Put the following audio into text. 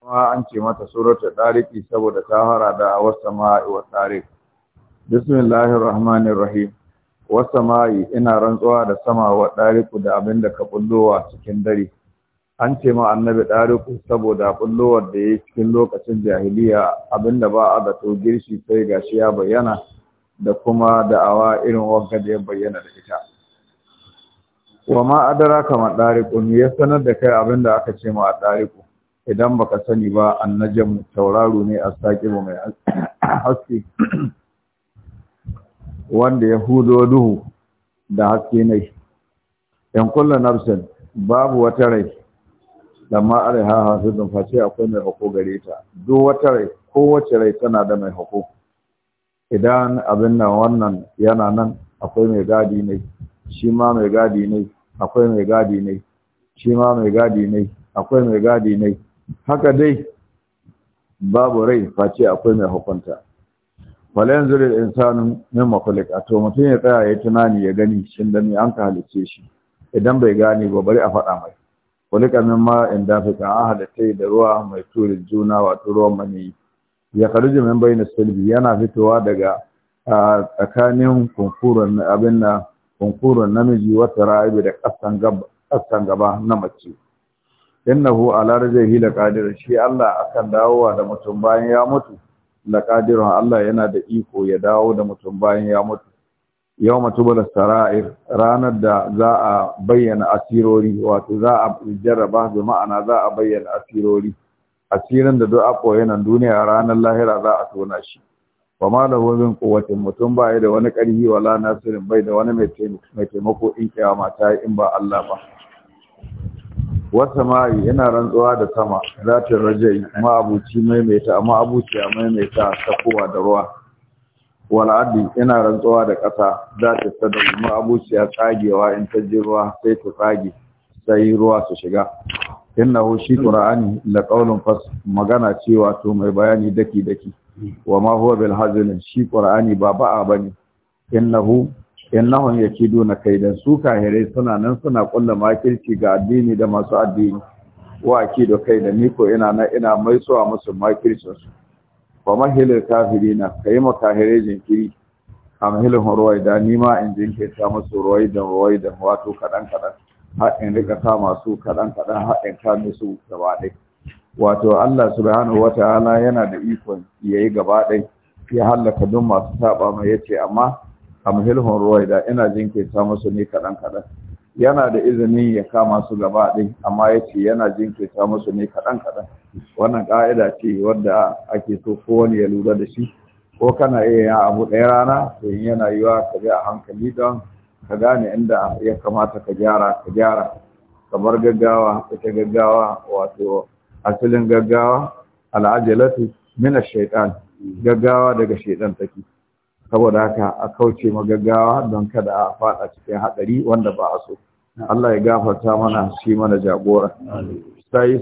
kuma an ce mata suratu ɗariki saboda ta hara da sama'i wa tariq bismillahir rahmanir rahim wasama'i ina rantsuwa da sama wa ɗariku da abin da ka bullowa cikin dare an ce ma annabi ɗariku saboda bullowar da ya cikin lokacin jahiliya abinda ba a da to girshi sai gashi ya bayyana da kuma da'awa irin wanka da ya bayyana da ita wa ma kamar ma ne ya sanar da kai abin da aka ce ma a ɗariku? idan baka sani ba annajam tauraro ne a astaqibu mai haske wanda ya hudo duhu da haske ne yan kullu nafsin babu wata rai lamma ha hasudun face akwai mai hako gare ta duk wata rai wace rai tana da mai hako idan abin nan wannan yana nan akwai mai gadi ne shi ma mai gadi ne akwai mai gadi ne shi ma mai gadi ne akwai mai gadi ne haka dai babu rai face akwai mai hukunta falayan zuri insanin min makulik a to mutum ya tsaya ya tunani ya gani shin da me an ka halice shi idan bai gane ba bari a faɗa mai kulika min ma in ka an halitta da ruwa mai turi juna wato ruwan mani ya karuji min bayin sulbi yana fitowa daga a tsakanin kunkurin abin na kunkurin namiji wata ra'ibi da kasan gaba na mace innahu ala yi laqadir shi Allah akan dawowa da mutum bayan ya mutu laqadirun Allah yana da iko ya dawo da mutum bayan ya mutu yawma tubal sarair ranar da za a bayyana asirori wato za a jarraba da ma'ana za a bayyana asirori asirin da duk ako yana duniya ranar lahira za a tona shi wa ma min mutum ba da wani karhi wala nasirin bai da wani mai taimako in kiyama ta in ba Allah ba wata ma'i yana rantsuwa da sama zatin rajai ma'abuci maimaita amma abuciya maimaita kowa da ruwa wal'adi yana rantsuwa da ƙasa zatin abuci a tsagewa in ta ji ruwa sai ta tsage sai ruwa su shiga hu shi qur'ani la qawlun fas magana ce wato mai bayani daki daki wa ma huwa bil hazin shi qur'ani ba ba'a bane innahu innahum yakiduna kaidan su kahirai suna nan suna kulla makirci ga addini da masu addini wa da kaidan ni ko ina na ina mai suwa musu makircin su wa mahilil kafirina kai ma kahirai jinkiri amhilin ruwaida ni ma in ta musu roi da wato kadan kadan har in rika ta masu kadan kadan har in ta musu gaba ɗaya wato Allah subhanahu wata'ala yana da ikon yayi gaba dai ya hallaka duk masu saba mai yace amma amhilhun da ina jinkirta musu ne kaɗan kaɗan yana da izinin ya kama su gaba ɗin amma ya ce yana jinkirta musu ne kaɗan kaɗan wannan ƙa'ida ce wadda ake so kowane ya lura da shi ko kana iya yin abu ɗaya rana to in yana yiwa ka bi a hankali don ka gane inda ya kamata ka gyara ka gyara kamar gaggawa ita gaggawa wato asalin gaggawa al'ajalatu ash-shaytan gaggawa daga shaytan take saboda haka a kauce magaggawa don kada a faɗa cikin haɗari wanda ba a so Allah ya gafarta mana shi mana jagora sai